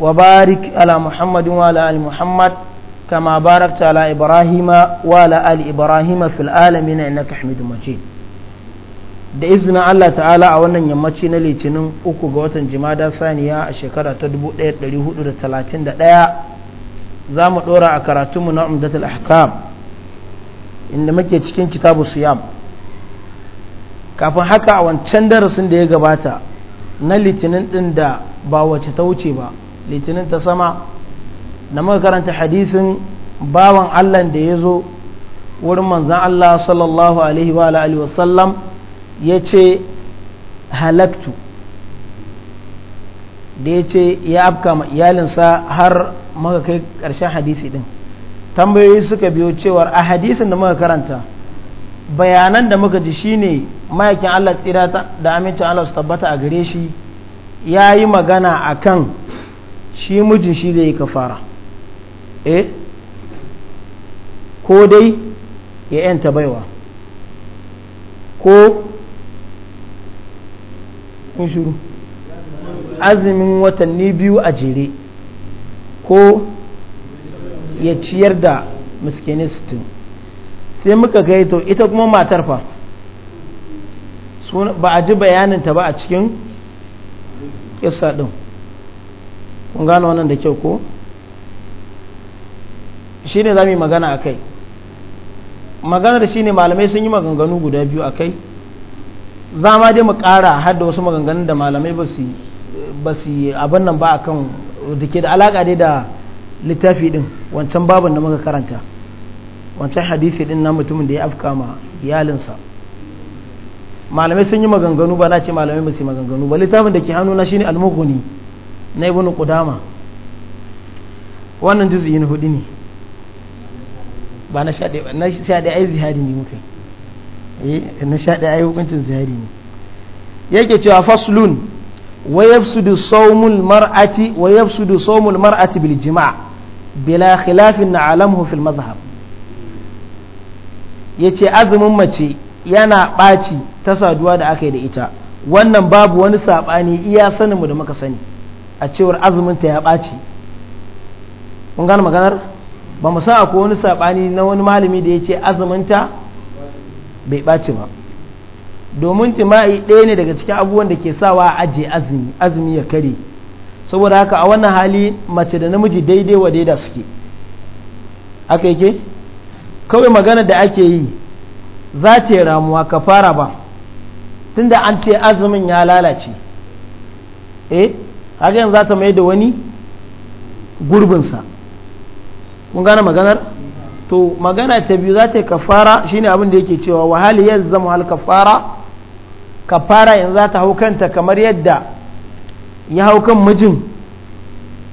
وبارك على محمد وعلى آل محمد كما باركت ibrahima إبراهيم وعلى آل إبراهيم في العالمين إنك حميد مجيد da izinin Allah ta'ala a wannan yammaci na litinin uku ga watan jimada saniya a shekara ta 1431 za mu ɗora a karatunmu na umdatul ahkam inda muke cikin kitabu siyam kafin haka a wancan darasin da ya gabata na litinin ɗin da ba wace ta wuce ba litinin ta sama na muka karanta hadisin bawan allah da ya zo wurin manzan allah sallallahu alaihi wa alihi wasallam ya ce halaktu da ya ce ya afka ma iyalinsa har muka kai karshen hadisi din tambayoyi suka biyo cewar a hadisin da muka karanta bayanan da muka ji shine ma'aikin Allah tsira da amincin Allah su tabbata a gare shi ya yi magana a kan shi mijin shi zai yi kafara eh ko dai ya yanta baiwa ko shuru azumin watanni biyu a jere ko ya ciyar da miskinistin sai muka to ita kuma matar fa ba a ji bayaninta ba a cikin kisa ɗin kun gano wannan da kyau ko shi ne za mu yi magana a kai maganar shi ne malamai sun yi maganganu guda biyu a kai za ma dai mu kara hada wasu maganganun da malamai ba su yi abin nan ba a kan da ke da alaƙa dai da littafi ɗin wancan babin da muka karanta wancan hadisi ɗin na mutumin da ya afka ma iyalinsa malamai sun yi maganganu ba na ce malamai ba su yi maganganu ba littafin da ke hannu na shine almuhuni na ibn qudama wannan na hudu ne ba na sha ɗaya na ai zihari ne muka eh na sha ɗaya ai hukuncin zihari ne yake cewa faslun wa yafsudu sawmul mar'ati wa yafsudu sawmul mar'ati bil jima' bila khilafin na'lamuhu fil madhhab yace azumin mace yana ɓaci ta saduwa da aka yi da ita wannan babu wani saɓani iya saninmu da muka sani a cewar azumin ya ɓaci mun gane maganar ba mu sa akwai wani saɓani na wani malami da ya ce azumin bai ɓaci ba domin jima'i ɗaya ne daga cikin abubuwan da ke sawa a ajiye azumi azumi ya kare saboda haka a wannan hali mace da namiji daidai wa daida suke haka yake kawai magana da ake yi za ta yi ramuwa ka fara ba tunda an ce azumin ya lalace eh kaga yanzu za ta mai da wani gurbinsa kun gane maganar to magana ta biyu za ta yi kafara shine abin da yake cewa wahali ya zama hal kafara kafara yanzu za ta hau kanta kamar yadda ya hau kan mijin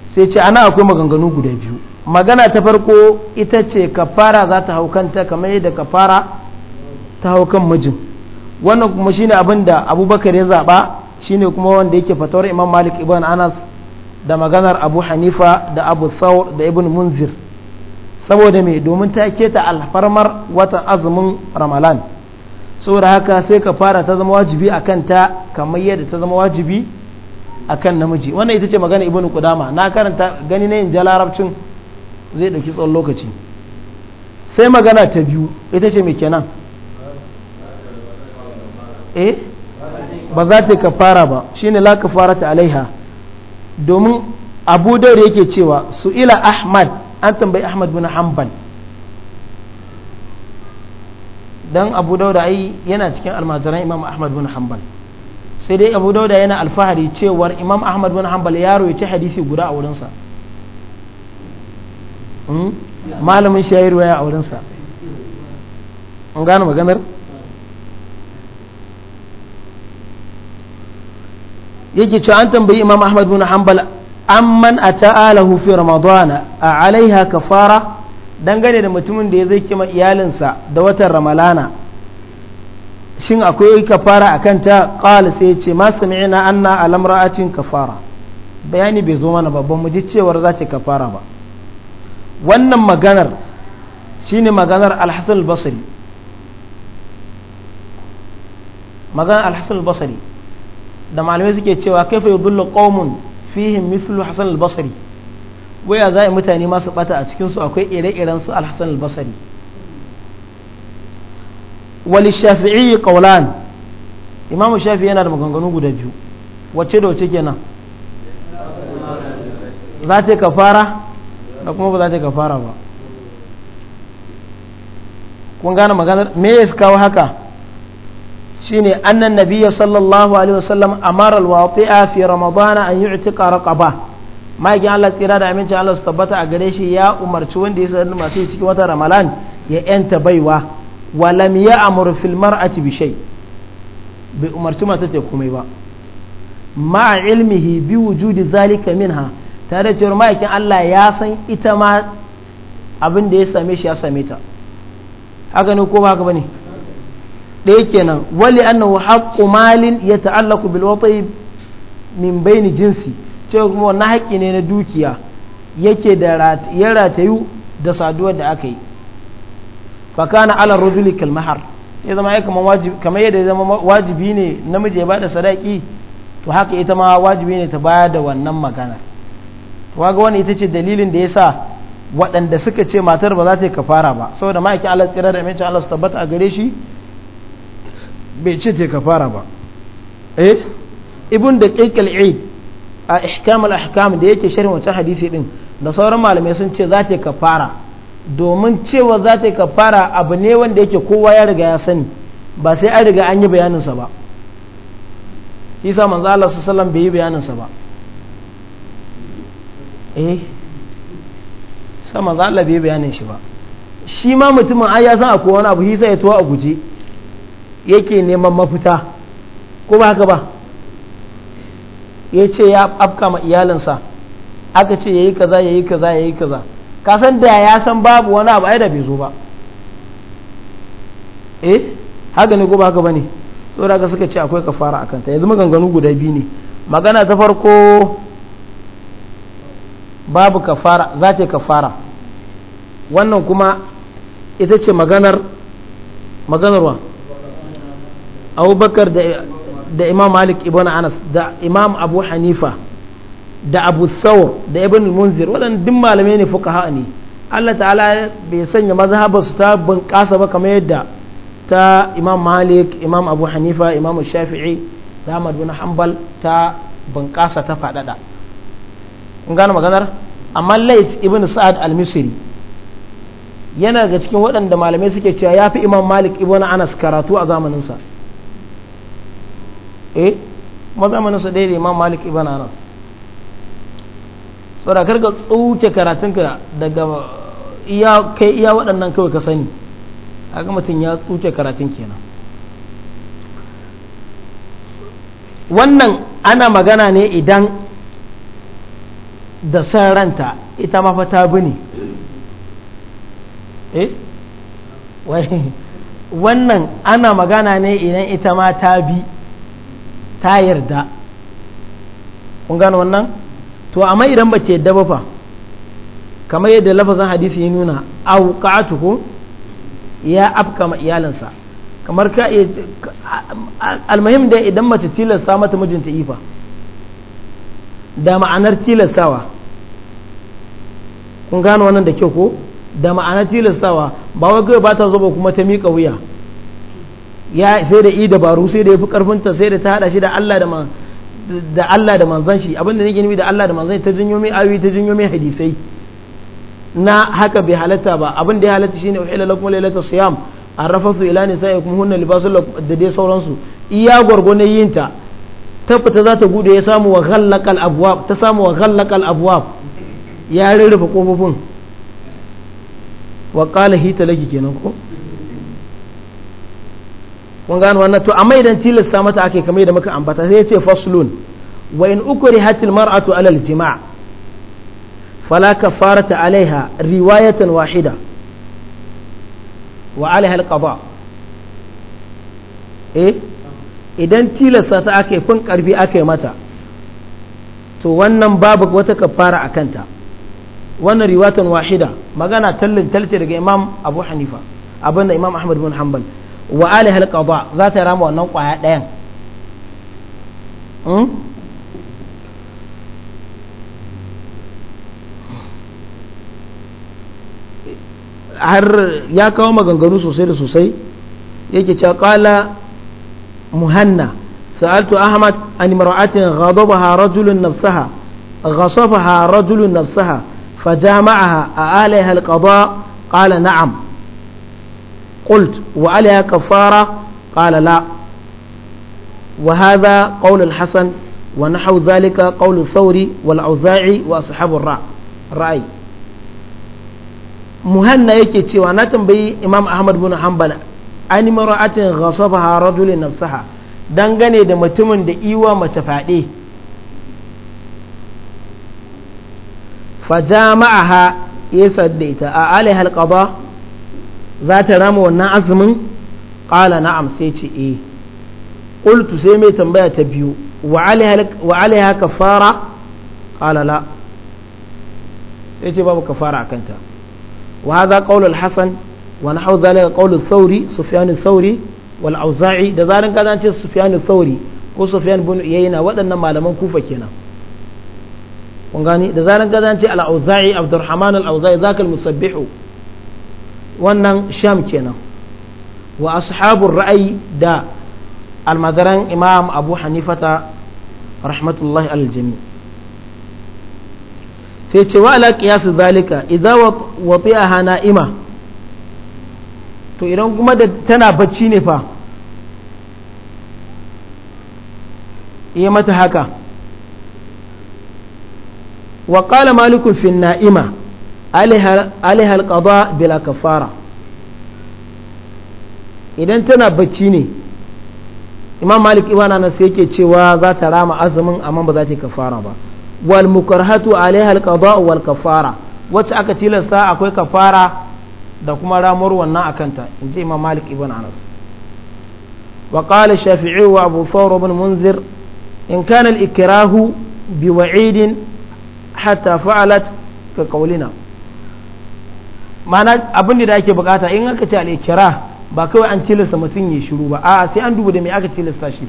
sai ce ana akwai maganganu guda biyu magana ta farko ita ce kafara za ta hau kanta kamar yadda kafara ta hau kan mijin wannan kuma shine abin da abubakar ya zaɓa shine kuma wanda yake fatawar imam malik ibn anas da maganar abu hanifa da abu saur da ibn munzir saboda me domin ta keta alfarmar watan azumin ramalan saboda haka sai ka fara ta zama wajibi a kan ta kamar yadda ta zama wajibi a kan namiji wannan ita ce magana ibn kudama na karanta gani na yin jalarabcin zai ɗauki tsawon lokaci sai magana ta biyu ita ce mai kenan eh ba za ta kafara ba shine la ta alaiha domin abu daure yake cewa su ila ahmad an tambayi ahmad bin hanbal dan abu dauda ai yana cikin almajiran imam ahmad bin hanbal sai dai abu dauda yana alfahari cewar imam ahmad bin hanbal ya rawaita hadisi guda a wurinsa hmm? malamin shayarwa ya a wurinsa an gano maganar yake cewa an tambayi imam ahmad bin hanbal amman ata'alahu fi ramadana a alaiha kafara dangane da mutumin da ya zai kima iyalinsa da watan ramalana shin akwai kafara a kanta qala sai ce ma sami'na anna alamra'atin kafara bayani bai zo mana babban mu ji cewar za ta kafara ba wannan maganar shine maganar al-hasan maganar al-hasan basri da malamai suke cewa kai fa yudullu qaumun fihim mithlu hasan al-basri waya za mutane masu bata a cikin su akwai ire-iren su al-hasan al-basri li shafi'i qawlan imamu shafi yana da maganganu guda biyu wacce da wacce kenan za ta kafara da kuma ba za ta kafara ba kun gane maganar me ya kawo haka shine annan nabiya sallallahu alaihi wasallam amara alwati'a fi ramadana an yu'tika raqaba ma'aikin Allah tsira da aminci Allah su tabbata a gare shi ya umarci wanda ya sanar masu cikin wata ramalan ya yanta baiwa wa lam ya'mur fil mar'ati bi shay bai umarci mata ta komai ba ma ilmihi bi wujudi zalika minha tare da ma'aikin Allah ya san ita ma abin da ya same shi ya same ta haka ne ko ba haka bane ɗaya kenan wali annahu haqqu malin ya ta'allaku bil wati min baini jinsi cewa kuma wannan haƙƙi ne na dukiya yake da ya ratayu da saduwar da aka yi fa kana ala rajuli kal mahar ya zama ya kamar wajibi kamar yadda ya zama wajibi ne namiji ya bada sadaki to haka ita ma wajibi ne ta bayar da wannan magana to kaga wannan ita ce dalilin da yasa waɗanda suka ce matar ba za ta yi kafara ba saboda ma'aikin Allah tsira da amincin Allah su tabbata a gare shi bai ce ta kafara ba eh ibn da kaikal eid a ihkam al-ahkam da yake sharhin wancan hadisi din da sauran malamai sun ce za ta kafara domin cewa za ta kafara abu ne wanda yake kowa ya riga ya sani ba sai an riga an yi bayaninsa ba isa manzo Allah sallallahu bai yi bayaninsa ba eh sama za Allah bai bayanin shi ba shi ma mutumin ai ya san akwai wani abu hisa ya tuwa a guje yake neman mafita ko ba haka ba ya ce ya afka ma iyalinsa aka ce ya yi kaza ya yi kaza ya yi kaza san da ya san babu wani abu ai da bai zo ba eh haka ne ko ba haka ba ne saboda ka suka ce akwai kafara a ta yanzu maganganu guda biyu ne magana ta farko babu kafara za ta fara wannan kuma ita ce maganar maganarwa abubakar da imam malik ibn anas da imam abu hanifa da abu thawr da ibn munzir waɗanda duk malamai ne fuka ne allah ta'ala bai sanya mazhabar su ta bunƙasa ba kamar yadda ta imam malik imam abu hanifa imam shafi'i da ahmad bin hanbal ta bunƙasa ta faɗaɗa kun gane maganar amma lais ibn sa'ad al-misri yana ga cikin waɗanda malamai suke cewa ya fi imam malik ibn anas karatu a zamaninsa eh mazamanin su ɗaya daidai imam malik ibn anas saboda karka tsuke karatunka daga iya kai iya waɗannan kawai ka sani haka mutum ya tsuke karatun kenan wannan ana magana ne idan da san ranta ita ta bane eh wannan ana magana ne idan ita ma ta bi ta yarda kun gane wannan to amma idan ba ce yarda ba fa kamar yadda lafazin hadisi ya nuna au ya afka ma iyalinsa kamar ka almuhim da idan mace tilasta mata mijinta ifa da ma'anar tilastawa kun gano wannan da kyau ko da ma'anar tilastawa ba wai ba ta zo ba kuma ta miƙa wuya ya sai da i dabaru sai da ya fi karfinta sai da ta hada shi da Allah da man da Allah da manzan shi abinda nake nufi da Allah da manzan ta jinyo mai ayoyi ta jinyo mai hadisai na haka bai halatta ba abin da ya halatta shine uhilla lakum lailatul siyam arrafatu ila nisaikum hunna libasul lakum da dai sauransu iya gwargwane yin ta ta fita za ta gude ya samu wa ghallaqal abwab ta samu wa ghallaqal abwab ya rurrufe kofofin wa qala hita laki kenan ko kun gano wannan to amma idan tilasta mata ake kamar da muka ambata sai ya ce faslun wa in ukuri hatil mar'atu alal jima' fala kafarata alaiha riwayatan wahida wa alaiha alqada eh idan tilasta ta ake kun karfi ake mata to wannan babu wata kafara akanta wannan riwayatan wahida magana tallin talce daga imam abu hanifa abinda imam ahmad bin hanbal wa alihal qada za ta rama wannan kwaya ɗayan har ya kawo maganganu sosai da sosai yake cewa kala muhanna sa'altu ahmad an mar'atin ghadabaha rajulun nafsaha ghasafaha rajulun nafsaha fajama'aha a alaiha alqada qala na'am قلت وعليها كفارة قال لا وهذا قول الحسن ونحو ذلك قول الثوري والأوزاعي وأصحاب الرأي رأي muhanna yake cewa na tambayi imam ahmad bin hanbal an yi mara'atin ghasabaha rajulin nafsaha dangane da mutumin da iwa mace fade fa jama'aha yasa da ita a alai halqada za ta rama wannan azumin ƙala na'am sai ce eh qultu sai mai tambaya ta biyu wa alaiha kafara ƙala la sai ce babu kafara kanta wa hadha qawl al-hasan wa nahwu dhalika qawl al-thawri sufyan al-thawri wal auza'i da zaran ka ce sufyan al-thawri ko sufyan bin uyayna waɗannan malaman kufa kenan kun gani da zaran ka ce al-auza'i abdurrahman al-auza'i zakal musabbihu wannan sham kenan wa ashabun ra'ayi da almadaran imam abu hanifata rahmatullahi aljami sai ce wa ala qiyasu zalika idza wati'aha na'ima to idan kuma da tana bacci ne fa iya mata haka wa qala malikun fi na'ima alihal qada bila kafara idan tana bacci ne imam malik ibana nan sai yake cewa za ta rama azumin amma ba za ta yi kafara ba wal mukarhatu alaiha alqada wal kafara wacce aka tilasta akwai kafara da kuma ramar wannan akanta inji imam malik ibn anas wa qala shafi'i wa abu thawr ibn munzir in kana al ikrahu bi wa'idin hatta fa'alat ka qawlina mana abin da ake bukata in aka ce al'ikira ba kawai an tilasta mutum ya shiru ba a sai an duba da me aka tilasta shi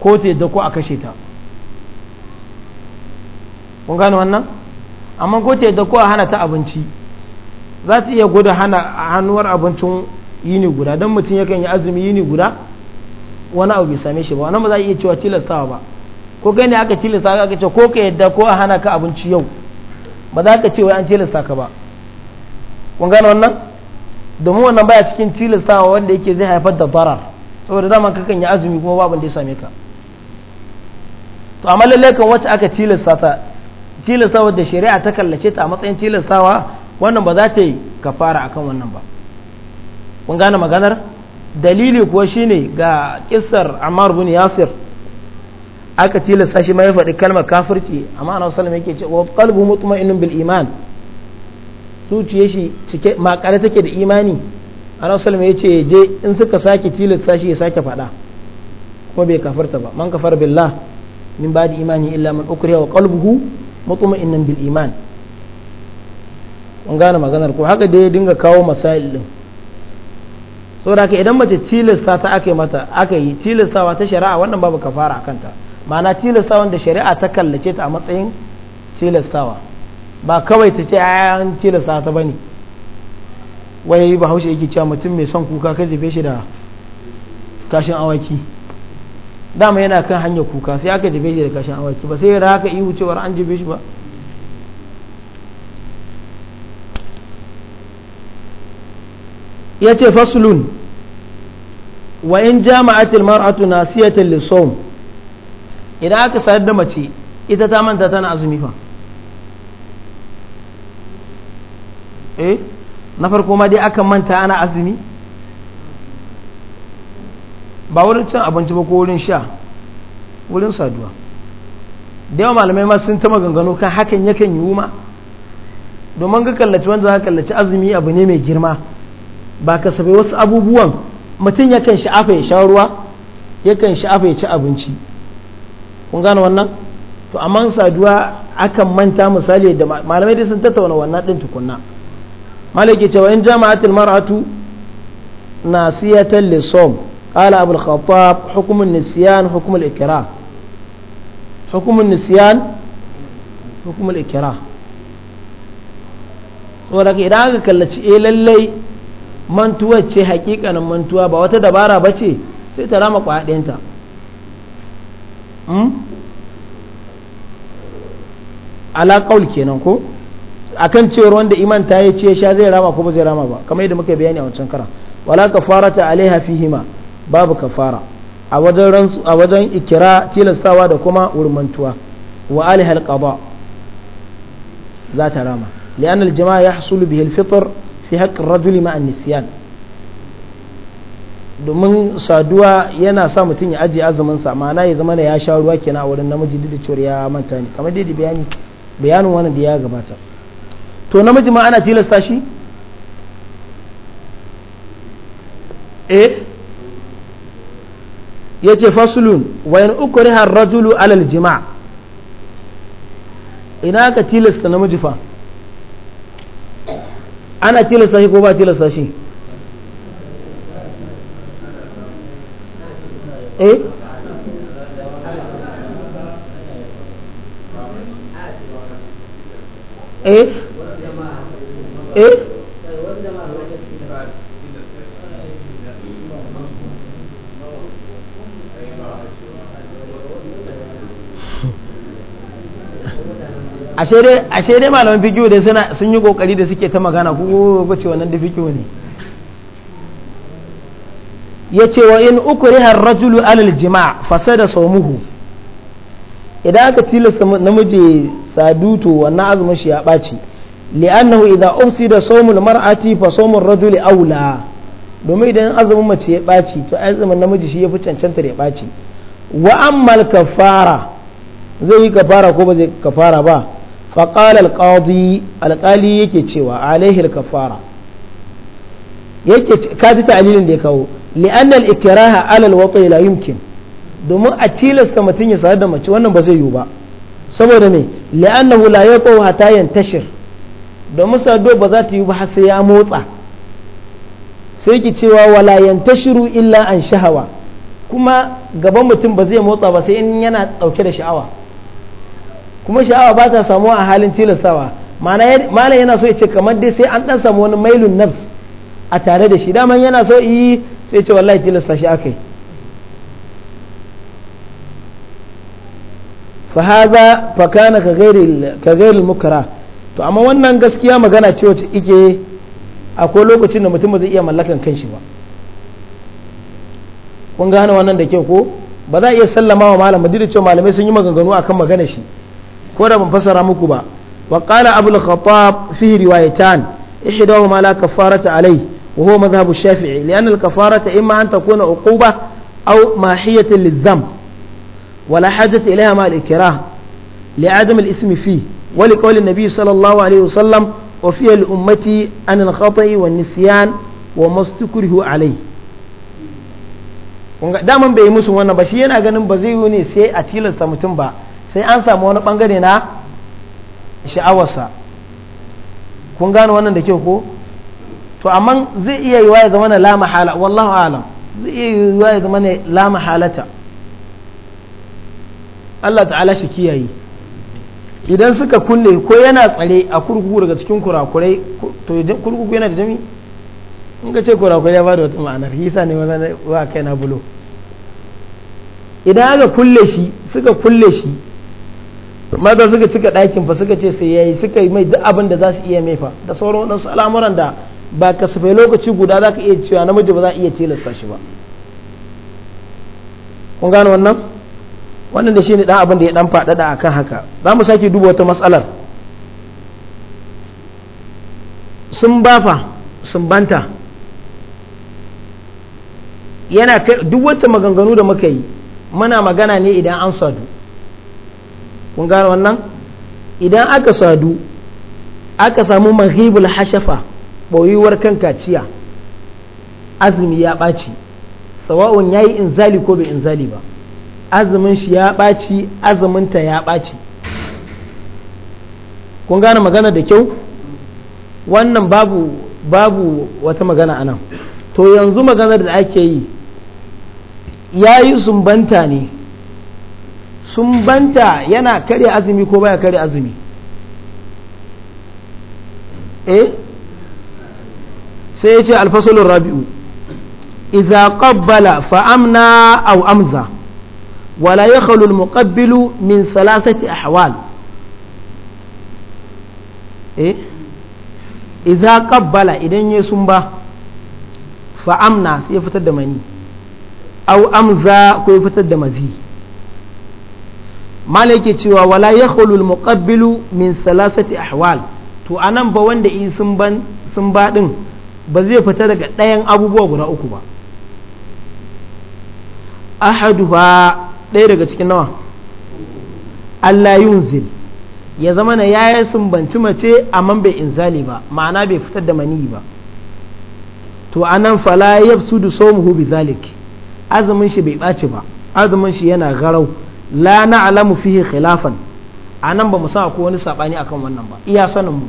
ko ta yadda ko a kashe ta kun gane wannan amma ko ta yadda ko a hana ta abinci za ta iya gwada hana hannuwar abincin yini guda don mutum yakan yi azumi yini guda wani abu bai same shi ba wani ba za a iya cewa tilastawa ba ko kai ne aka tilasta aka ce ko ka yadda ko a hana ka abinci yau ba za ka ce wai an tilasta ka ba kun gane wannan domin wannan baya cikin tilastawa wanda yake zai haifar da darar saboda dama kakan yi azumi kuma babu da ya same ka to amma lallai kan wacce aka tilasta ta tilastawa da shari'a ta kallace ta a matsayin tilastawa wannan ba za ta yi kafara akan wannan ba kun gane maganar dalili kuwa shine ga kissar Ammar bin Yasir aka tilasta shi ma ya faɗi kalmar kafirci amma ana sallama yake cewa qalbu mutma'innun bil iman zuciye shi cike makare take da imani annabi sallallahu ya ce je in suka sake tilasta shi ya sake faɗa kuma bai kafarta ba man kafar billah min ba da imani illa man ukriya wa qalbuhu mutma'innan bil iman mun gane maganar ko haka dai dinga kawo masail din saboda ka idan mace tilasta ta aka yi mata aka yi tilastawa ta shari'a wannan babu kafara akan ma'ana tilasta wanda shari'a ta kallace ta a matsayin tilastawa ba kawai ta ce an da ta bane wani haushe yake cewa mutum mai son kuka kai jefe shi da kashin awaki dama yana kan hanyar kuka sai aka jefe shi da kashin awaki ba sai ra haka ihu cewar an jefe shi ba ya ce faslun wa in jama'atil mar'atu nasiyatan lisawm idan aka sayar da mace ita ta manta tana azumi fa eh na farko ma dai akan manta ana azumi ba wurin cin abinci ba ko wurin sha wurin saduwa da yawa malamai ma sun ta maganganu kan hakan yakan yi ma domin ga kallaci wanda za kallaci azumi abu ne mai girma ba ka sabai wasu abubuwan mutum yakan sha'afa ya sha ruwa yakan sha'afa ya ci abinci kun gane wannan to amma saduwa akan manta misali da malamai dai sun tattauna wannan din tukunna malaki cewa in jama'atul mar'atu nasiyatan lisom qala al khattab hukm an-nisyan hukm al-ikrah hukm an-nisyan hukm al-ikrah saboda ka idan aka kallaci eh lallai mantuwa ce hakikanin mantuwa ba wata dabara ba ce sai ta rama kwaɗinta hmm? ala kaul kenan ko akan cewar wanda iman ta yi ce sha zai rama ko ba zai rama ba kamar yadda muka bayani a wancan kara wala ta alaiha fihima babu kafara a wajen rantsu a wajen ikira tilastawa da kuma urmantuwa wa alaiha alqada za ta rama lian aljamaa yahsulu bihi alfitr fi haqqi ar-rajuli ma'a nisyan domin saduwa yana sa mutum ya ajiye azumin sa ma'ana ya zama da ya sha ruwa kenan a wurin namiji duk da cewa ya manta ne kamar dai bayani bayanin wannan da ya gabata to namiji ma ana tilasta shi eh ya ce fasulun in ukuri har rajulu alal jima ina aka tilasta namiji fa ana tilasta shi ko ba tilasta shi eh eh Eh? a shaidai dai malaman fiki dai suna sun yi kokari da suke ta magana ko ba ce wannan da wani. ne ce wa in uku rajulu alal jima' da sawmuhu idan aka tilasta namiji saduto wannan azumin shi ya ɓaci li'annahu idza ufsida sawmul mar'ati fa sawmul rajuli aula domin idan azumin mace ya ɓaci to azumin namiji shi ya fi da ya ɓaci wa ammal kafara zai yi kafara ko ba zai kafara ba fa qala alqadi alqali yake cewa alaihi alkafara yake ka ji ta'lilin da ya kawo li'anna al-ikraha 'ala al-wati la yumkin domin a tilasta mutum ya sadar da mace wannan ba zai yiwu ba saboda me li'annahu la yaqaw hatta yantashir domin sado ba za ta yi ba sai ya motsa sai ki cewa wala shiru illa an shahawa kuma gaban mutum ba zai motsa ba sai in yana dauke da sha'awa kuma sha'awa ba ta samuwa a halin tilastawa ma'ana yana so ya ce kamar dai sai an dan samu wani mailun nafs a tare da shi daman yana so yi sai ce wallahi tilasta shi akai fa hadha fa kana ka gairil ka to amma wannan gaskiya magana ce wacce ike akwai lokacin da mutum ba zai iya mallakan kanshi ba kun gane wannan da kyau ko ba za a iya sallama wa malam duk da cewa malamai sun yi maganganu akan magana shi ko da ban fasara muku ba wa qala abul khattab fihi riwayatan ihdahuma la kafarata alai wa huwa madhhabu shafi'i li'anna al-kafarata imma an takuna uquba aw mahiyatan lidh-dhanb ولا حاجة إليها مع الإكراه لعدم الإثم فيه ولقول النبي صلى الله عليه وسلم وفي الأمة عن الخطأ والنسيان وما استكره عليه daman bai yi musu wannan ba shi yana ganin ba zai yi ne sai a tilasta mutum ba sai an samu wani bangare na sha'awarsa kun gano wannan da kyau ko to amma zai iya yi waye zama na la mahala wallahu alam zai iya yi waye zama na la mahalata Allah ta'ala shi kiyaye idan suka kulle ko yana tsare a kurkuku daga cikin kurakurai to kurkuku yana da jami in ka ce kurakurai ya bada wata ma'anar hisa ne maza wa kai na bulo idan aka kulle shi suka kulle shi maza suka cika ɗakin fa suka ce sai yayi suka yi mai duk abin da za su iya mai fa da sauran waɗansu al'amuran da ba ka kasafai lokaci guda za ka iya cewa namiji ba za a iya tilasta shi ba kun gane wannan wannan da shi ne dan abin da ya ɗan faɗaɗa akan haka za mu sake duba wata matsalar sun bafa sun banta yana duk wata maganganu da muka yi muna magana ne idan an sadu kun gano wannan idan aka sadu aka samu mahibul hashafa ɓoyuwar kan kaciya azumi ya ɓaci sawa'un ya yi inzali ko bai inzali ba azumin shi ya ɓaci azuminta ya ɓaci kun gane magana da kyau wannan babu babu wata magana a nan to yanzu maganar da ake yi ya yi sumbanta ne sumbanta yana karya azumi ko baya karya azumi eh sai ya ce alfasolin rabi'u iza qabbala fa amna aw amza ولا يخلو المقبل من ثلاثة أحوال إيه؟ إذا قبل إذن يسنبه fa'amna sai ya fitar da mani au amza ko ya da mazi mala yake cewa wala ya khulul muqabbilu min salasati ahwal to anan ba wanda in sun din ba zai fita daga ɗayan abubuwa guda uku ba ahaduha ɗaya daga cikin nawa Allah yunzil ya zama na ya yi sumbanci mace amma bai inzali ba ma'ana bai fitar da mani ba to anan fala so mu bi zalik azumin shi bai ɓaci ba azumin shi yana garau la na alamu fihi khilafan anan ba mu san akwai wani sabani akan wannan ba iya sanin mu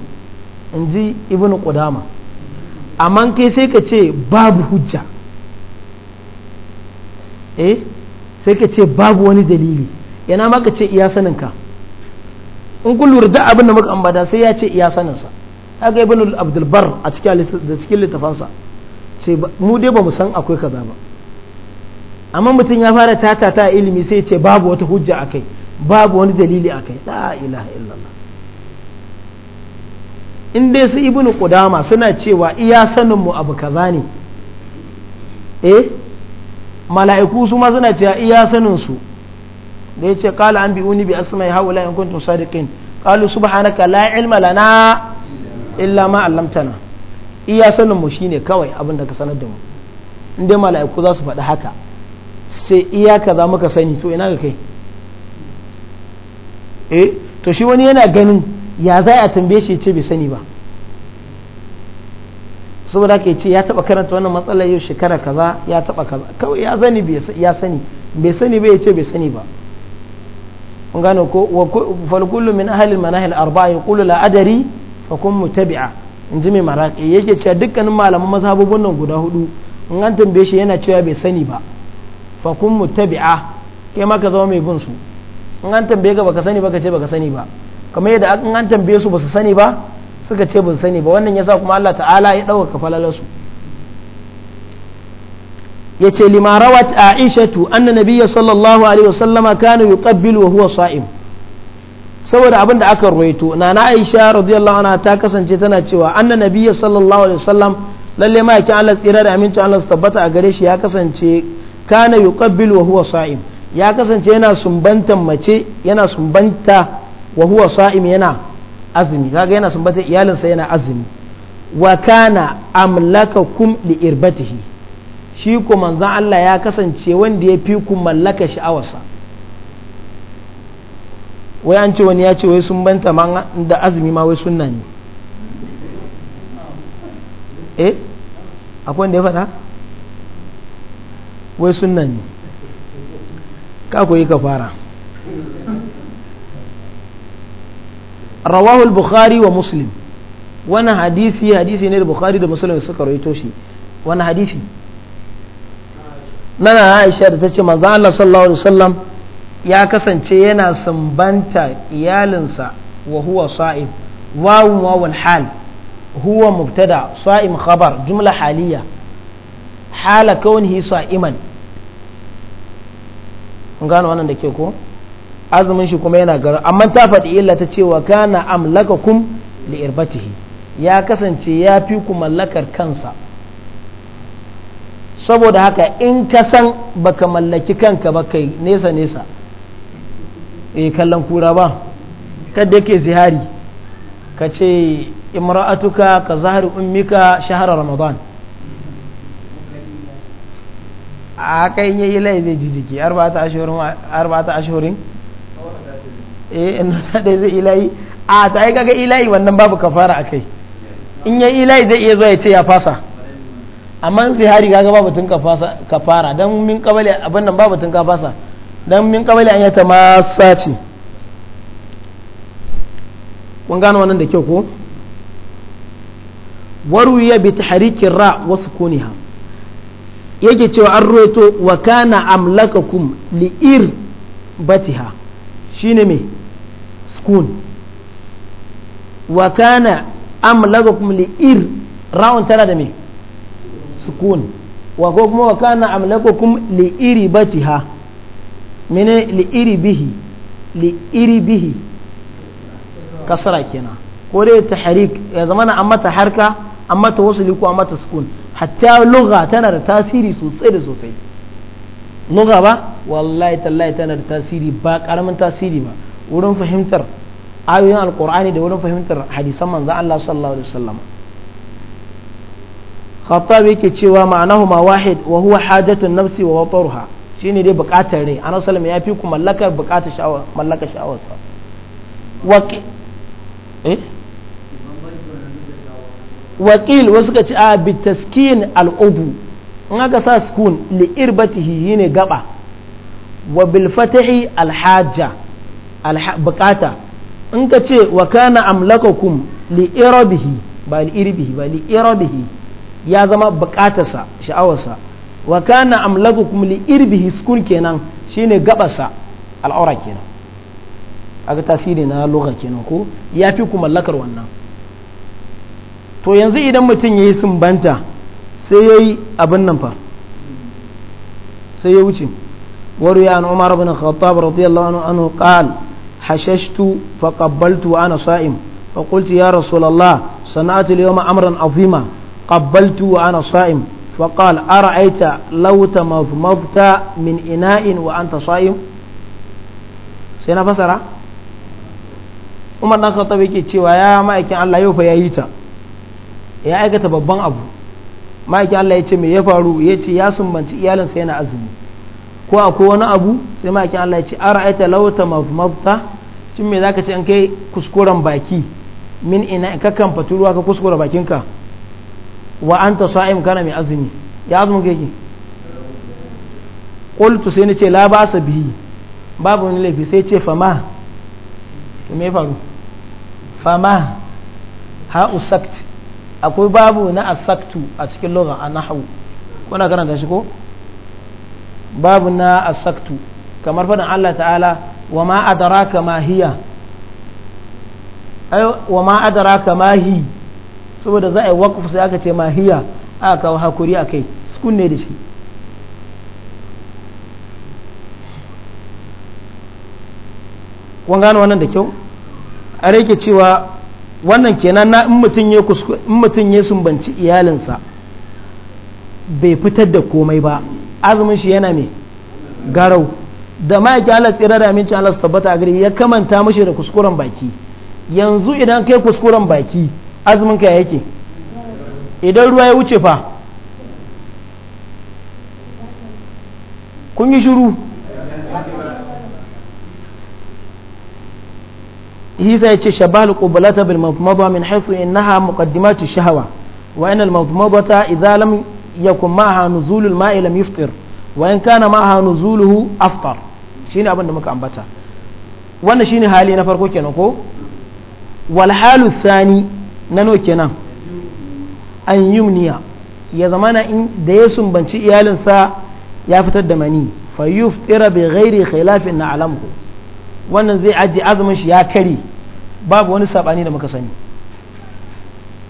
in ji ibnu qudama amma kai sai ka ce babu hujja eh sai ka ce babu wani dalili yana maka ce iya saninka in kun lura da abin da muka ambata sai ya ce iya saninsa haka ibn abdul bar a cikin littafansa ce mu dai ba mu san akwai kaza ba amma mutum ya fara tata ta ilimi sai ce babu wata hujja a kai babu wani dalili a kai la ilaha illallah in dai su ibn qudama suna cewa iya sanin mu abu kaza ne eh mala'iku su ma suna cewa iya sanin su da ce kala an bi'uni bi ya haula in kuntum sadiqin qalu subhanaka la ilma lana illa ma 'allamtana iya sanin mu shine kawai abin da ka sanar da mu inda mala'iku za su faɗi haka ce iya ka za muka sani to ina ga kai eh to shi wani yana ganin ya za a tambaye shi ce bai sani ba saboda ke ce ya taba karanta wannan matsalar yau shekara kaza ya taba kaza kawai ya zani ya sani bai sani bai ce bai sani ba kun gano ko fal kullu min ahli manahil arba'a yaqulu la adari fa kun mutabi'a in ji mai maraki yake cewa dukkanin malaman mazhabobin nan guda hudu in an tambaye shi yana cewa bai sani ba fa kun mutabi'a kai ma ka zama mai bin su in an tambaye ka baka sani ba ka ce baka sani ba kamar yadda in an tambaye su ba su sani ba suka ce ba sani ba wannan yasa kuma Allah ta'ala ya ɗauka falalarsu ya ce lima rawat aishatu anna nabiyya sallallahu alaihi wasallama kana yuqabbilu wa huwa sa'im saboda abin da aka ruwaito nana aisha radiyallahu anha ta kasance tana cewa anna nabiyya sallallahu alaihi wasallam lalle ma yake Allah tsira da amincin Allah su tabbata a gare shi ya kasance kana yuqabbilu wa huwa sa'im ya kasance yana sumbantan mace yana sumbanta wa huwa sa'im yana azumi kaga yana sumbata iyalinsa yana azumi wa kana kum li irbatihi shi ko manzon Allah ya kasance wanda ya fi ku mallaka sha'awarsa wai an ce wani ya ce wai sun banta ma da azumi ma wai sunna ne eh akwai wanda ya faɗa wai sunna ne ka koyi ka fara rawahu al-bukhari wa muslim wani hadisi hadisi ne da bukhari da muslim suka rawaito shi wani hadisi nana aisha da ta ce manzo Allah sallallahu alaihi wasallam ya kasance yana sumbanta iyalinsa wa huwa sa'im wawun wawun hal huwa mubtada sa'im khabar jumla haliya hala kaunihi sa'iman gano wannan da ke ko azumin shi kuma yana garin amma ta faɗi illa ta cewa kana amlakakum kum liirbatihi ya kasance ya fi ku mallakar kansa saboda haka in ka san baka mallaki kanka ba kai nesa nesa eh kallon kura ba kada yake zihari ka ce imra'atuka ka zahari ummika shahara ramadan a kai yayi laifin jijiki ta ashirin eh in na dai zai a ta yi kaga wannan babu kafara a kai in ya ila'i zai iya zuwa ya ce ya fasa amma sai hari kaga babu tun kafara dan min kabali abin nan babu tun kafasa dan min kabali an yi ta masa ce kun gano wannan da kyau ko waruya bi tahrikin ra wasu kuniha yake cewa an roto wa kana amlakakum li'ir batiha shine me sukun wa kana amlagakum li ir tana da me sukun wa ko kuma wa kana amlagakum li iri batiha iri bihi li iri bihi kasara kenan ko dai tahrik ya zamana an mata harka an wasu wasuli ko an mata sukun hatta lugha tana da tasiri sosai da sosai lugha ba wallahi tallahi tana da tasiri ba karamin tasiri ba wurin fahimtar ayoyin alkur'ani da wurin fahimtar hadisan manzan Allah sallallahu alaihi wasallam khattab yake cewa ma'anahuma ma wahid wa huwa hajatun nafsi wa wataruha shine dai bukatar rai annabi sallallahu ya fi ku mallakar bukatar sha'awa mallakar sha'awarsa waqi eh wakil wasu ka ci a bitaskin al'ubu in aka sa sukun li irbatihi ne gaba wa bil al alhajja bukata in ka ce wa kana amlakakum li irabihi ba li irbihi ba li irabihi ya zama bukatarsa sha'awarsa wa kana amlakakum li irbihi sukun kenan shine gabasa al'aura kenan aga tasiri na lugha kenan ko ya fi ku mallakar wannan to yanzu idan mutum ya yi sumbanta sai ya yi abin nan fa sai ya wuce waru ya an umar bin khattab radiyallahu anhu qala hashashtu fa qabbaltu wa ya rasulullah sana'atu al-yawma amran azima qabbaltu wa ana sa'im fa qala min sai na Umar dan Khattab yake cewa ya ma'aikin Allah yau fa yayi ta ya aikata babban abu ma'aikin Allah ya ce me ya faru ya ce ya sumbanci iyalinsa yana azumi ko akwai wani abu sai ma'aikin Allah ya ce ara'aita law tamaffafta Tun me ka ce an kai kuskuren baki min ina ka kan ruwa ka kuskura bakinka wa an anta sa'im kana mai azumi ya azumin kake qultu sai ce la ba sa bihi babu wani laifi sai ce fama to me faru fama ha usakt akwai babu na asaktu a cikin lugha a nahwu kuna karanta shi ko babu na asaktu kamar fadin Allah ta'ala wa ma adraka ma hiya ay wa ma adraka ma hi saboda za a yi waqf sai aka ce ma hiya aka kawo hakuri akai sukun ne da shi kun gano wannan da kyau a rake cewa wannan kenan na in mutum ya in mutum ya sumbanci iyalinsa bai fitar da komai ba azumin shi yana me garau da ma'aikin Allah tsira da amincin Allah su tabbata a gari ya kamanta mashi da kuskuren baki yanzu idan kai kuskuren baki azumin ka yake idan ruwa ya wuce fa kun yi shiru hisa ya ce shabal qublata bil madmadha min haythu innaha muqaddimatu shahawa wa inna al madmadata idza lam yakun ma'aha nuzulul ma'i lam yuftir wa in kana ma'aha nuzuluhu aftar shine abin da muka ambata wannan shi ne hali na farko kenan ko walhalu Sani na no kenan an yumniya ya zamana in da ya sumbanci iyalinsa ya fitar da mani fa bai gairi, kai khilafin na alamku wannan zai ajiye azumin shi ya kari babu wani sabani da muka sani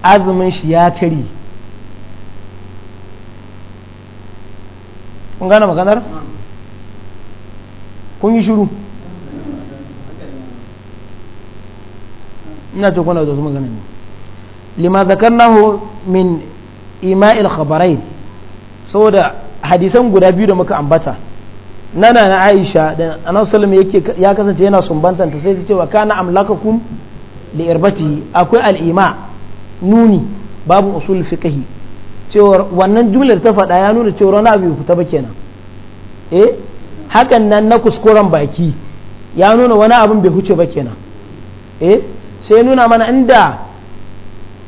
azumin shi ya kari kun gane maganar kun yi shiru ina ce kuna da su magana ne lima nahu min ima'il khabarai saboda hadisan guda biyu da muka ambata nana na aisha da anas salim ya kasance yana sumbantanta sai ta ce wa kana amlakakum li irbati akwai al'ima nuni babu usul fiƙahi cewar wannan jumlar ta faɗa ya nuna cewar wani abu ya fita ba kenan eh hakan nan na kuskuren baki ya nuna wani abin bai huce ba kenan eh sai nuna mana inda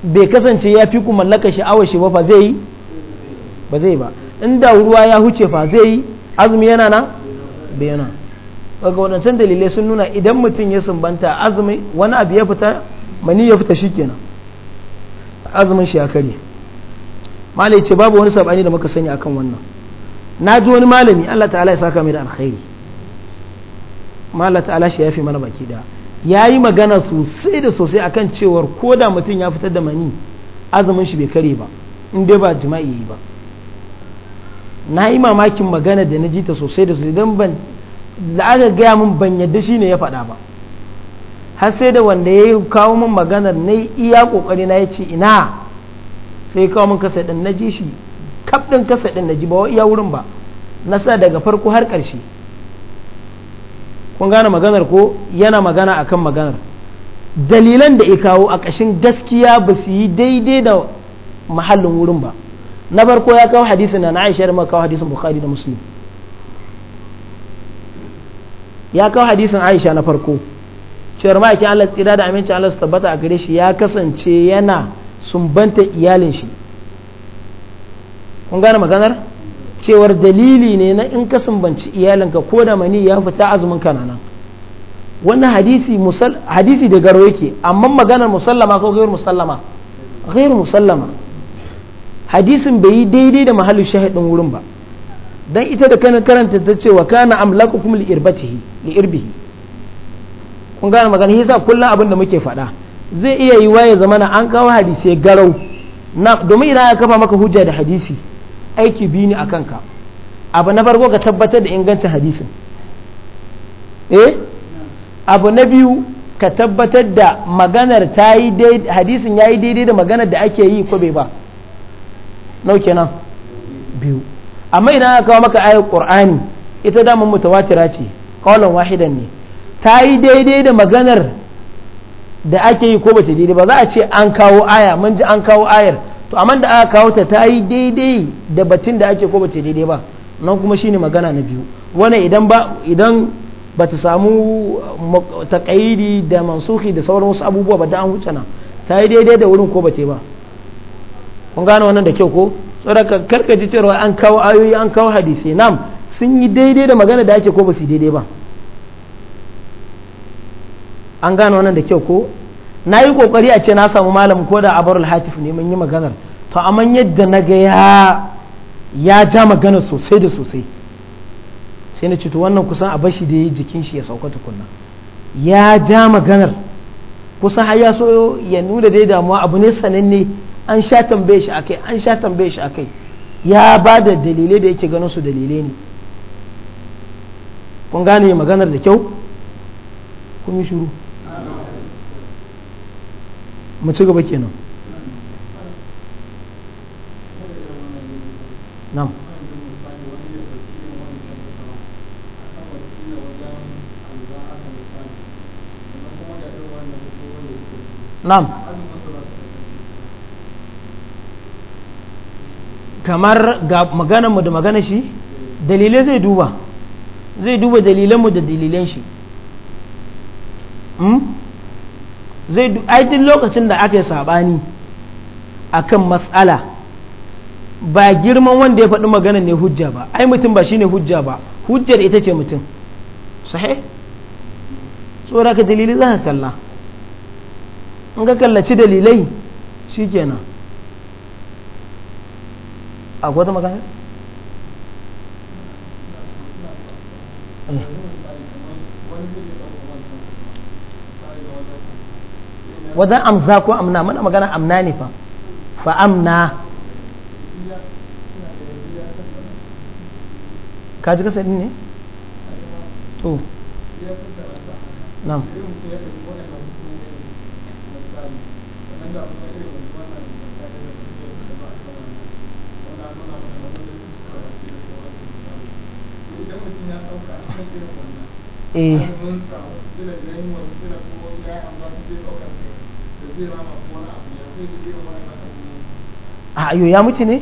bai kasance ya fi ku mallaka sha'awar shi ba fa zai yi ba zai ba inda ruwa ya huce fa zai yi azumi yana na bai yana daga wadancan dalilai sun nuna idan mutum ya sumbanta azumi wani abu ya fita mani ya fita shikenan azumin shi ya kare malai ce babu wani sabani da muka sani akan wannan na ji wani malami Allah ta'ala ya saka mai da alkhairi Allah ta'ala shi ya fi mana baki da ya yi magana sosai da sosai akan cewar ko da mutum ya fitar da mani azumin shi bai kare ba in dai ba jima'i yi ba na yi mamakin magana da na ji ta sosai da sosai don ban da aka gaya min ban yadda shi ne ya faɗa ba har sai da wanda ya kawo min maganar na iya ƙoƙari na ya ce ina sai kawo min kasa ɗin na ji shi kaf kasa ɗin na ji ba iya wurin ba na sa daga farko har ƙarshe kun gane maganar ko yana magana akan maganar dalilan da ya kawo a ƙashin gaskiya ba su yi daidai da mahallin wurin ba na farko ya kawo hadisi na na aisha da kawo hadisin bukhari da muslim ya kawo hadisin aisha na farko cewar ma'aikin allah tsira da amincin allah su tabbata a gare shi ya kasance yana sumbanta iyalin shi kun gane maganar cewar dalili ne na in ka sumbanci iyalinka ko da mani ya fita azumin kananan wannan hadisi musal hadisi da garo yake amma maganar musallama ko gairu musallama gairu musallama hadisin bai yi daidai da mahallin shahidin wurin ba dan ita da kanin karanta ta ce wa kana amlakukum li irbatihi li irbihi kun gane maganar yasa kullum abin da muke faɗa zai iya yi waye zamana an kawo hadisi garau na domin idan aka kafa maka hujja da hadisi aiki biyu ne a kanka abu na farko ka tabbatar da ingancin hadisin eh abu na biyu ka tabbatar da maganar ta yi hadisin ya yi daidai da maganar da ake yi ko bai ba nau kenan biyu amma idan aka kawo maka ayar qur'ani ita damar mutawatira ce kawalan wahidan ne ta yi daidai da maganar da ake yi ko bata daidai ba za a ce an kawo aya mun ji an kawo ayar to amma da aka kawo ta yi daidai da batun da ake ko bace daidai ba nan kuma shine magana na biyu wannan idan ba idan ba ta samu taƙaidi da mansuhi da sauran wasu abubuwa ba da an wuce nan ta yi daidai da wurin ko bace ba kun gane wannan da kyau ko tsoraka karka ji cewa an kawo ayoyi an kawo hadisi nam sun yi daidai da magana da ake ko ba su daidai ba an gane wannan da kyau ko na yi kokari a ce na samu malam ko da a barul hatif ne mun yi maganar to amma yadda na ga ya ja magana sosai da sosai sai na to wannan kusan a bashi da ya jikin shi ya sauka tukunna ya ja maganar kusan har ya so ya nuna dai damuwa abu ne sananne an sha tambaye shi akai an sha tambaye shi akai ya ba da dalilai da yake ganin su dalilai ne kun gane maganar da kyau kun yi shuru mu ci gaba kenan nan nan kamar ga mu da magana shi dalilai zai duba zai duba dalilan mu da dalilan shi hmm? zai ai duk lokacin da aka yi sabani kan matsala ba girman wanda ya faɗi magana ne hujja ba ai mutum ba shine hujja ba hujjar ita ce mutum sahi tsora ka dalili za ka kalla in ka kallaci dalilai shikenan akwai wata magana eh. wajen amza ko amna mana magana amna ne fa fa amna ka ji kasa ne to na'am eh a ayo ya mutu ne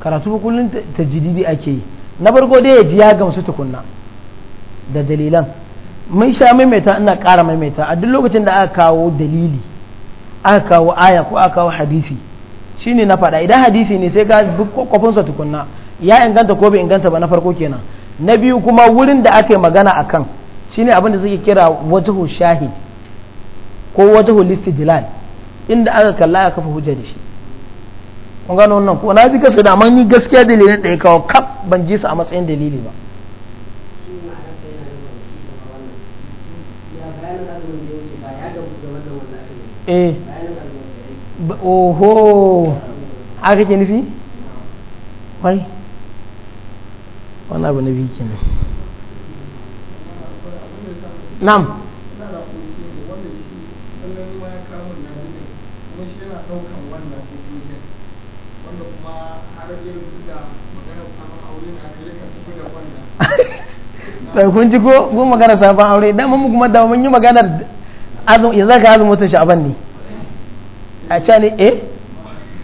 karatu kullum ta jididi ake yi na farko dai ya ji ya gamsu tukunna da dalilan mun sha maimaita ina ƙara maimaita a duk lokacin da aka kawo dalili aka kawo aya ko aka kawo hadisi shine na faɗa idan hadisi ne sai ka bi kwafinsa tukunna ya inganta ko bai inganta ba na farko kenan na biyu kuma wurin da aka yi magana kan shine abin da suke kira wajhu shahid ko wata dilal inda aka kalla aka kafa hujja da shi kun gano wannan ko na ji gaske da amma ni gaskiya dalilin da ya kawo kap ban ji su a matsayin dalili ba eh oho haka ke nufi wai wani abu na biyu kenan nam ɗaukan wannan hukuncin wanda kuma har irin da magana samun aure na kai yakan tafi da wannan sai kun ji ko ko magana sabon aure dan mun kuma da mun yi magana azum yanzu zaka azum wata sha'aban ne a can ne eh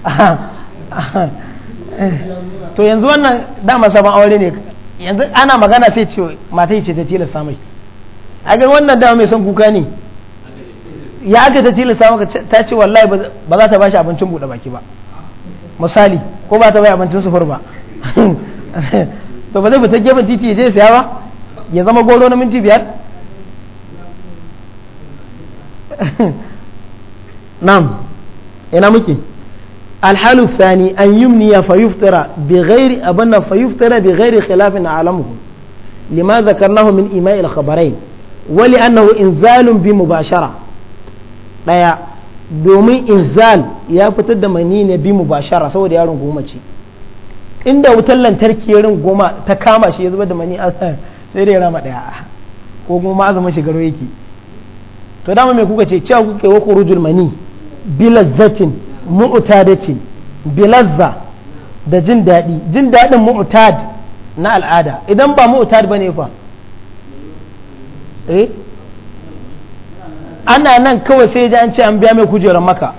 to yanzu wannan dama sabon aure ne yanzu ana magana sai ce mata ce ta tilasta mai a ga wannan dama mai son kuka ne ya aka ta tilasta maka ta ce wallahi ba za ta bashi abincin buɗe baki ba misali ko ba ta bai abincin sufur ba to ba zai fita gefen titi ya je saya ba ya zama goro na minti biyar nam ina muke alhalu sani an yumniya fa fayuftara bi ghairi abanna fa yuftara bi ghairi khilafin alamuhu lima zakarnahu min ima'il khabarain ولأنه إنزال بمباشرة ɗaya domin inzal ya fitar da mani na bi mu bashara saboda yaron goma ce inda wutar lantarki yarin goma ta kama shi ya zuba da mani asar sai da ya rama ɗaya ko kuma azumin shigaro yake to dama mai kuka ce cewa kuke wa wako rujul mani bilazzatin mu'tadatin bilazza da jin daɗi jin daɗin mu'tad na al'ada idan ba mu'tad bane fa eh? ana nan kawai sai ji an ce an biya mai kujerar maka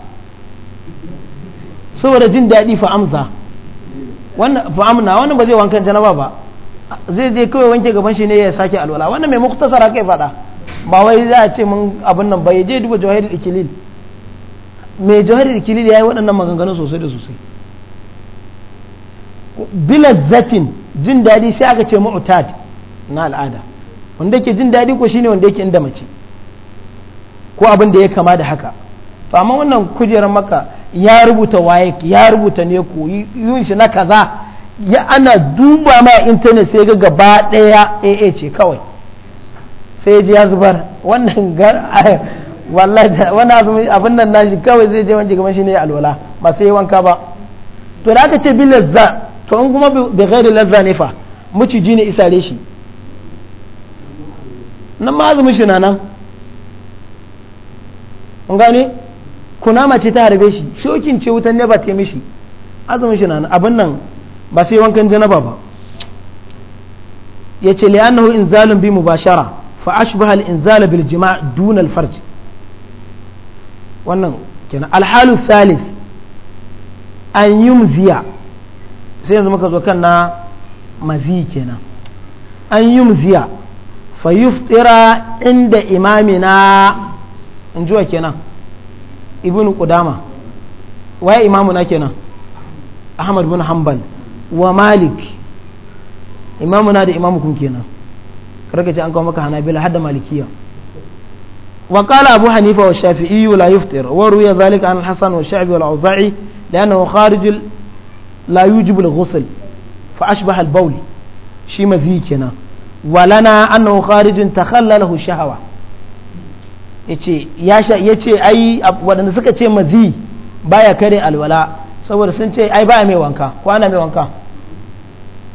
saboda jin daɗi fa'amza fa'amna wannan ba zai wankan janaba ba zai je kawai wanke gaban shi ne ya sake alwala wannan mai muktasara kai faɗa ba wai za a ce mun abin nan ba ya je duba jawahirul ikilil mai jawahirul ikilil ya yi waɗannan maganganun sosai da sosai zatin jin daɗi sai aka ce mu'tad na al'ada wanda yake jin daɗi ko shine wanda yake inda mace ko abin da ya kama da haka to amma wannan kujerar maka ya rubuta waye ya rubuta ne ko yun shi na kaza ya ana duba ma intanet sai ga gaba daya AA ce kawai sai ji ya zubar wannan gar wallahi wannan abin nan nashi kawai zai je wanda gaban shi ne alwala ba sai wanka ba to da aka ce bi lazza to in kuma bi ghairi lazza ne fa muciji ne isare shi nan ma azumin shi na nan kun gane kuna mace ta harbe shi shokin ce wutan ne ba ta mishi azumin shi na abin nan ba sai wankan janaba ba ya ce li'annahu inzalun bi mubashara fa ashbaha al-inzal bil jima' dun al-farj wannan kenan alhalu salis an yumziya sai yanzu muka zo kan na mazi kenan an yumziya fa yuftira inda imamina in kenan ibn qudama waye imamu na kenan ahmad bin hanbal wa malik imamu na da imamu kun kenan karka ce an kawo maka hanabila hadda malikiya وقال أبو حنيفة والشافعي لا يفطر وروي ذلك عن الحسن والشعبي والأوزاعي a خارج لا يوجب الغسل فأشبه البول شي مزيكنا ولنا أنه خارج تخلله الشهوة ya ce ai waɗanda suka ce mazi baya kare alwala saboda sun ce ai baya mai wanka ko ana mai wanka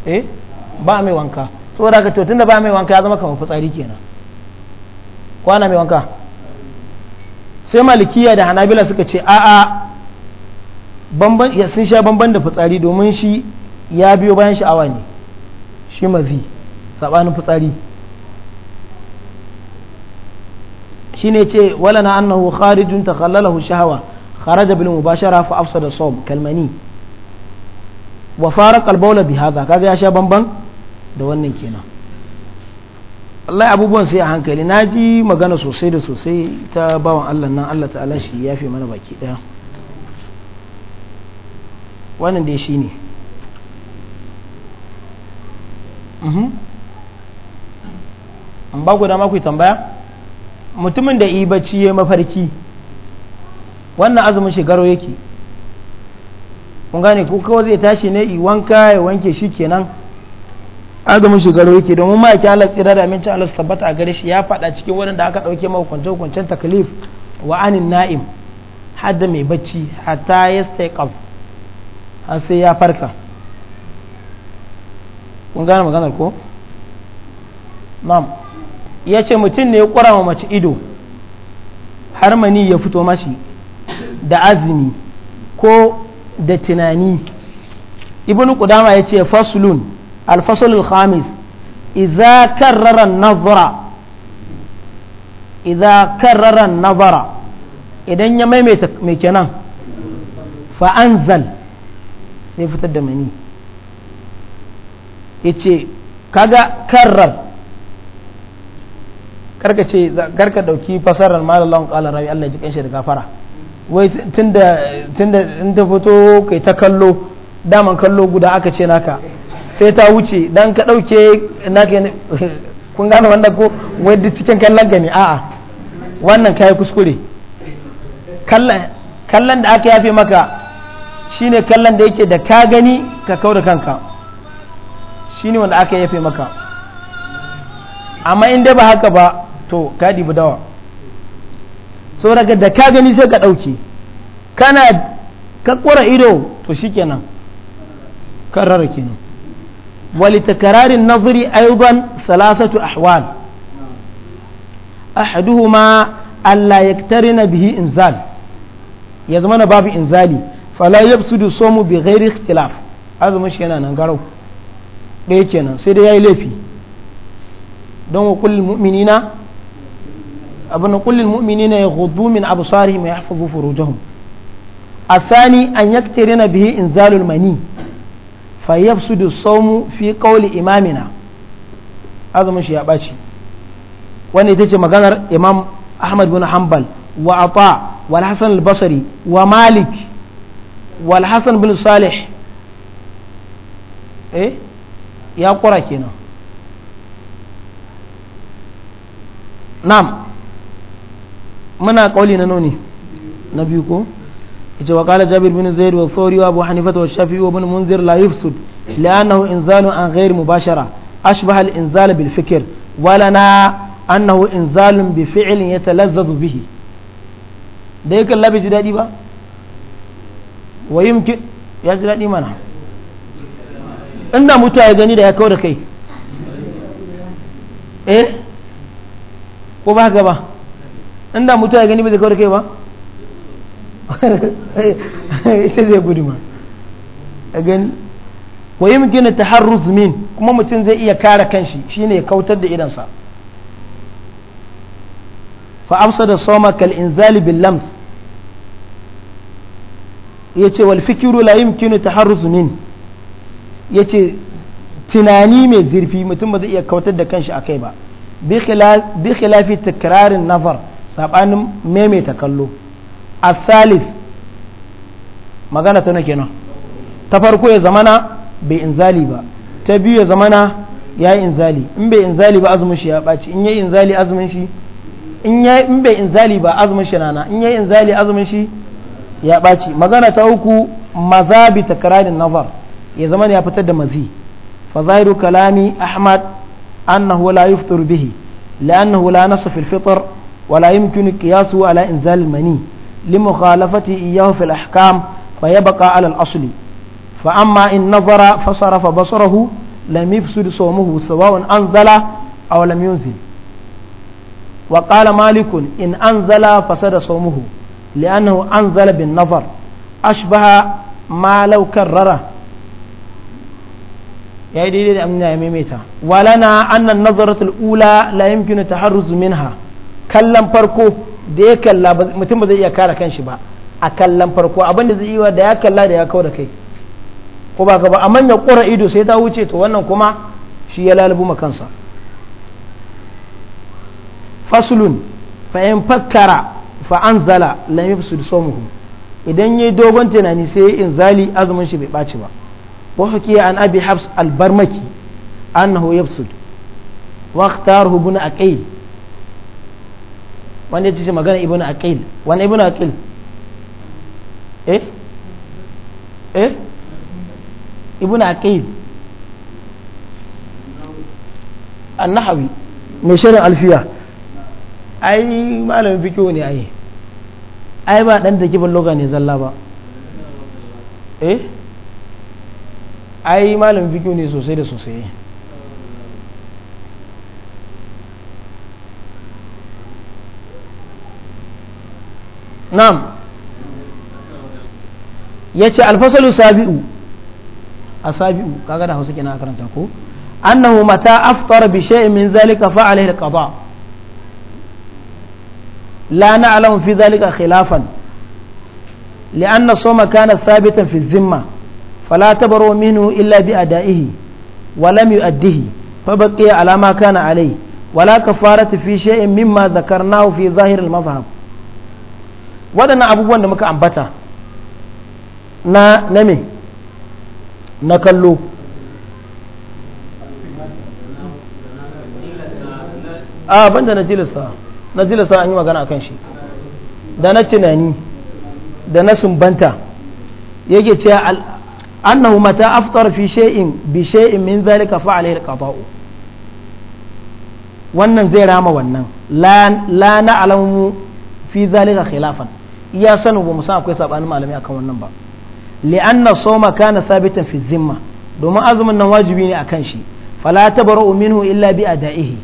eh ba mai wanka saboda ka tun ba mai wanka ya zama kamar fitsari kenan ko ana mai wanka sai malikiya da hanabila suka ce a'a sun sha bamban da fitsari domin shi ya biyo bayan sha'awa ne shi mazi sabanin fitsari shine ce wala na annahu kharijun takhallalahu shahawa kharaja bil mubashara fa afsada sawm kalmani wa farqa al bawla bi hadha kaga ya sha bamban da wannan kenan Allah abubuwan sai a hankali na ji magana sosai da sosai ta bawan Allah nan Allah ta'ala shi ya fi mana baki daya wannan dai shi ne mhm. an ba ku dama ku yi tambaya? mutumin da bacci ya mafarki wannan azumin shekaru yake kun gane ko kawai zai tashi ne i wanka ya wanke shi kenan azumin shekaru yake domin ma Allah tsira da amincin Allah tabbata a gare shi ya fada cikin wurin da aka ɗauke ma hukunce hukuncen taklif wa anin na'im hadda mai bacci hatta ya staiqaf har sai ya farka kun gane maganar ko na'am ya ce mutum ne ya ƙura wa mace ido har mani ya fito mashi da azumi ko da tunani ibn qudama ya ce faslun alfasulul khamis idza karrara nazara idza karrara nazara idan ya maimaita mai kenan fa anzal sai fitar da mani ya ce kaga karrar karka ce karka dauki fasarar malallah qala rabi Allah ji kanshi da gafara wai tunda tunda in ta fito kai ta kallo daman kallo guda aka ce naka sai ta wuce dan ka dauke naka kun gane wanda ko wai duk cikin kallon gani a'a wannan kai kuskure kallon da aka yafe maka shine kallon da yake da ka gani ka kau da kanka shine wanda aka yafe maka amma in dai ba haka ba to ka dawa sauraga da ka gani sai ka ɗauke kana ka ƙura ido to shi kenan karara kenan walita kararin nazari ayyuban salasatu ahwal ahaduhuma Allah ya tare na bihi inzal ya zama babu inzali fala ya su da somu bi gairi ikhtilaf azumin shi nan garau ɗaya kenan sai dai ya yi laifi don wa kulli mu'minina abin kullin mu'mini ne ya gudu min absarihim ya hafazu a sani an yaktirina bihi inzalul mani su da sawmu fi kawli imamina azumin shi ya ɓaci wanda ita ce maganar imam ahmad bin hanbal wa ata wal hasan al basri wa malik wal hasan bin salih eh ya kura kenan na'am muna kauli na noni na biyu ko yace wa jabir bin zaid abu hanifa wa shafi'i wa ibn la yufsud mubashara ashbaha al ji ba ya ji mana inda mutuwa ya gani da ya kawo da kai eh? ko ba inda mutu ya gani bai zai kai ba ita zai gudu ma a gani wa yi mutune ta har ruzumin kuma mutum zai iya kare kanshi shi ne kautar da idansa fa'afsa da soma kal inzali bil lams ya ce wal fikiru la ta har ruzumin ya ce tunani mai zurfi mutum ba zai iya kautar da kanshi a kai ba bi khilafi takrarin nazar sabanin maimaita kallo a asalis magana ta nake nan ta farko ya zamana bai inzali ba ta biyu ya zamana ya yi inzali in bai inzali ba azumin shi ya ɓaci in ya yi inzali azumin shi in bai inzali ba azumin shi nana in ya yi inzali azumin shi ya ɓaci magana ta uku maza bi takararin nazar ya zama ya fitar da mazi fa zahiru kalami ahmad annahu la yuftir bihi لأنه لا نصف fitar. ولا يمكن قياسه على إنزال المني لمخالفته إياه في الأحكام فيبقى على الأصل فأما إن نظر فصرف بصره لم يفسد صومه سواء أنزل أو لم ينزل وقال مالك إن أنزل فسد صومه لأنه أنزل بالنظر أشبه ما لو كرره يعني دي دي ولنا أن النظرة الأولى لا يمكن التحرز منها kallon farko da ya kalla mutum ba zai iya kare kanshi ba a kallon farko abinda zai iya da ya kalla da ya kawo da kai ko ba ka ba amma ya kora ido sai ta wuce to wannan kuma shi ya lalubu ma kansa faslun fa in fakkara fa anzala lam yafsud sawmuhu idan yayi dogon tunani sai in zali azumin shi bai ɓaci ba wa hakiya an abi hafs albarmaki annahu yafsud wa ikhtaruhu a aqil wanda ya ce magana ibn aqil wani ibn aqil eh eh ibn aqil annahawi mai shirin alfiya ai malamin fikiyo ne ai ai ba dan da kibin loga ne zalla ba eh ai malamin fikiyo ne sosai da sosai na'am ya ce alfasalu sabi'u a sabi'u kaga da hausa kenan karanta ko annahu mata aftar bi shay'in min zalika fa alayhi la fi khilafan لأن الصوم كان ثابتا في الذمة فلا تبروا منه إلا بأدائه ولم يؤده فبقي على ما كان عليه ولا كفارة في شيء مما ذكرناه في ظاهر المذهب waɗannan abubuwan da muka ambata na na na kallo a banda na jilista na jilista an yi magana akan shi da na tunani da na sumbanta yake ce annahu mata aftar fi shay'in bi shay'in min zalika fa alayhi alqata'u wannan zai rama wannan la na alamu fi zalika khilafan iya sanin ba mu san akwai sabanin malami akan wannan ba li'anna soma kana sabitan fi zimma domin azumin nan wajibi ne akan shi fala tabara'u minhu illa bi ada'ihi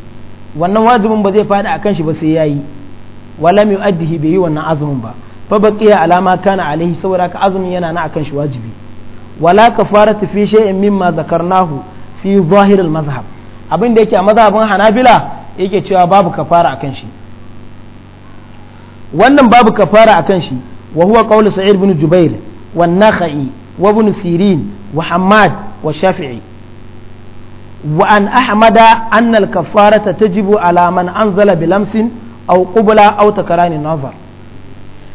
wannan wajibin ba zai fada akan shi ba sai yayi wala mi yu'addihi bi wannan azumin ba fa baqiya alama kana alaihi saboda ka azumin yana na akan shi wajibi wala kafaratu fi shay'in mimma zakarnahu fi zahiril mazhab abin da yake a mazhabin hanabila yake cewa babu kafara akan shi wannan babu kafara akan shi wa huwa qawlu sa'id ibn jubair wa nakhai wa ibn sirin wa hammad wa shafi'i wa an ahmada anna al kafarata tajibu ala man anzala bilamsin aw qubla aw takarani nazar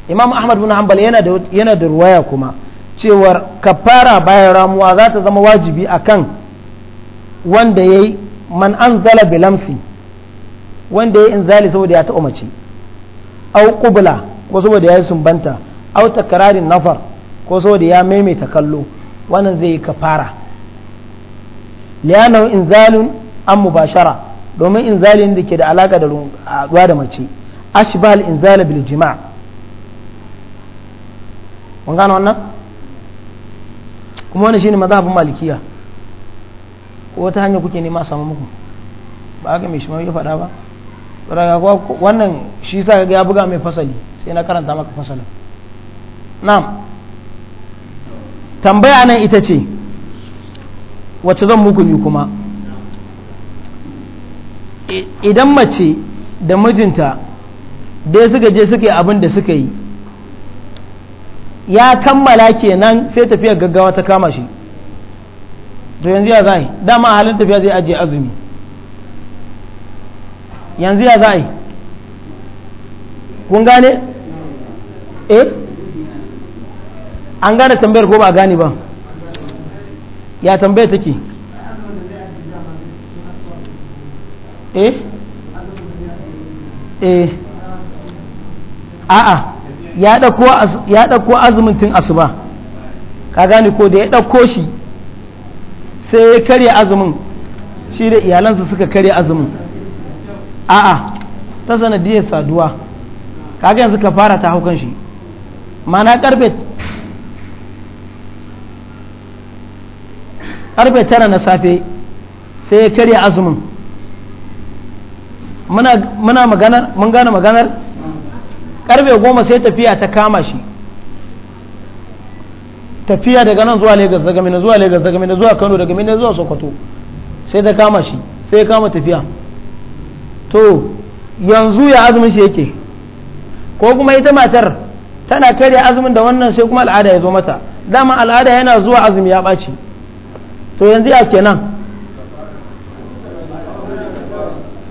imam ahmad bin hanbal yana da yana da ruwaya kuma cewar kafara bayan ramuwa za ta zama wajibi akan wanda yayi man anzala bilamsi wanda ya inzali saboda ya taɓa mace au kubla ko saboda ya yi sumbanta au takararin nafar ko saboda ya maimaita kallo wannan zai yi kafara liyanahu inzalun an mubashara domin inzalin da ke da alaka da ruwa da mace ashbal inzala bil jima' mun gano wannan kuma wani shine mazhabin malikiya ko ta hanya kuke nema samu muku ba ga mai shi ma ya faɗa ba wannan shi sa ya buga mai fasali sai na karanta maka fasalin na'am tambaya nan ita ce wacce zan muku ni kuma idan mace da mijinta dai suka je suka yi abin da suka yi ya kammala kenan sai tafiyar gaggawa ta kama shi to yanzu ya zai dama halin tafiya zai ajiye azumi yanzu ya za a yi kun gane eh an gane tambayar ko ba gane ba ya tambaya take eh eh a'a ya ɗauko azumin tun asuba ka gane ko da ya ɗauko shi sai ya karya azumin shi da iyalansa suka karya azumin a'a ta sanadiyar saduwa kaga yanzu ka fara ta haukan shi mana karfe karfe tara na safe sai ya karya azumin muna maganar mun gane maganar karfe goma sai tafiya ta kama shi tafiya daga nan zuwa Legas daga mina zuwa Legas daga mina zuwa Kano daga mina zuwa Sokoto sai ta kama shi sai ya kama tafiya to yanzu ya azumin shi yake ko kuma ita matar tana karya azumin da wannan sai kuma al'ada ya zo mata dama al'ada yana zuwa azumi ya ɓaci to yanzu ya kenan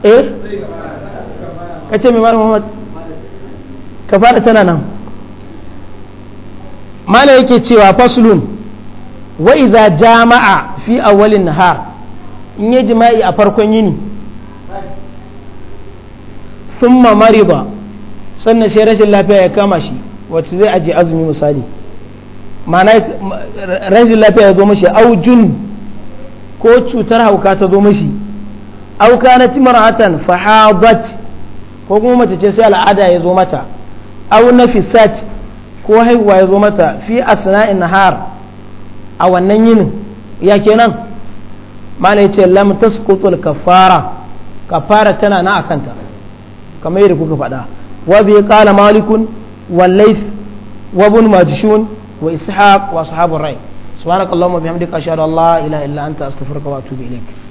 eh ka ce mai mara muhammad ka tana nan mala yake cewa faslun wa iza jama'a fi awwalin nahar in yi jima'i a farkon yini thumma mariba sannan sai rashin lafiya ya kama shi wacce zai aje azumi misali ma'ana rashin lafiya ya zo mashi au jun ko cutar hauka ta zo mashi na timar hatan fahadat ko kuma mace ce sai al'ada ya zo mata au nafisat ko haihuwa ya zo mata fi asna'in har a wannan yinin ya kenan mana ya ce lam tasqutul kafara kafara tana na akanta kamar yadda kuka faɗa wa bi qala malikun wa layth wa ibn majshun wa ishaq wa ashabur rai subhanakallahumma bihamdika ashhadu an la ilaha illa anta astaghfiruka wa atubu ilaik